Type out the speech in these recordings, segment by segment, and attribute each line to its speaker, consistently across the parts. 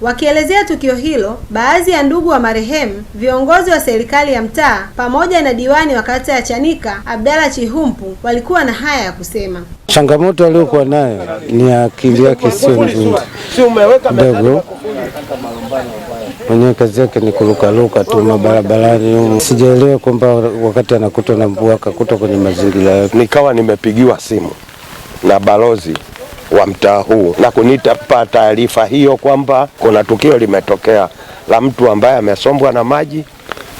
Speaker 1: Wakielezea tukio hilo, baadhi ya ndugu wa marehemu, viongozi wa serikali ya mtaa pamoja na diwani wa kata ya Chanika Abdalla Chihumpu walikuwa na haya ya kusema.
Speaker 2: Changamoto aliyokuwa nayo ni akili yake sio nzuri ndogo, mwenyewe kazi yake ni kurukaruka tu mabarabarani Sijaelewa kwamba wakati anakutwa na mvua akakuta kwenye mazingira yake.
Speaker 3: Nikawa nimepigiwa simu na balozi wa mtaa huu na kunipa taarifa hiyo kwamba kuna tukio limetokea la mtu ambaye amesombwa na maji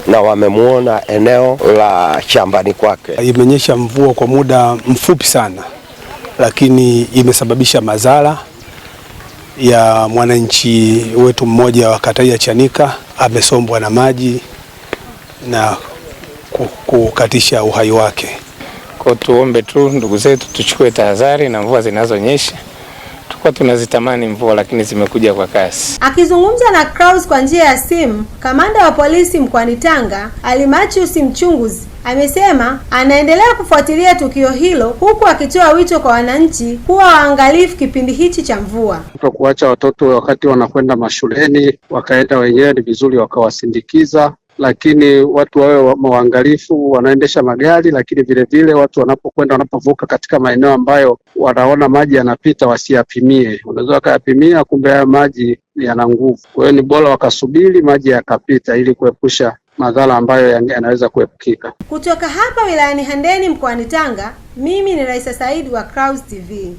Speaker 3: na wamemwona eneo la shambani kwake.
Speaker 4: Imenyesha mvua kwa muda mfupi sana, lakini imesababisha madhara ya mwananchi wetu mmoja wa kata ya Chanika, amesombwa na maji na kukatisha uhai wake.
Speaker 5: Kwa tuombe tu ndugu zetu tuchukue tahadhari na mvua zinazonyesha tulikuwa tunazitamani mvua lakini zimekuja kwa kasi.
Speaker 1: Akizungumza na Clouds kwa njia ya simu, kamanda wa polisi mkoani Tanga Almachius Mchunguzi amesema anaendelea kufuatilia tukio hilo huku akitoa wito kwa wananchi kuwa waangalifu kipindi hichi cha mvua,
Speaker 6: kuacha watoto wakati wanakwenda mashuleni, wakaenda wenyewe, ni vizuri wakawasindikiza lakini watu wawe waangalifu wanaendesha magari, lakini vilevile vile watu wanapokwenda wanapovuka katika maeneo ambayo wanaona maji yanapita wasiyapimie. Unaweza wakayapimia, kumbe haya maji yana nguvu. Kwa hiyo ni bora wakasubiri maji yakapita ili kuepusha madhara ambayo yanaweza kuepukika.
Speaker 1: Kutoka hapa wilayani Handeni mkoani Tanga, mimi ni Raisa Saidi wa Clouds TV.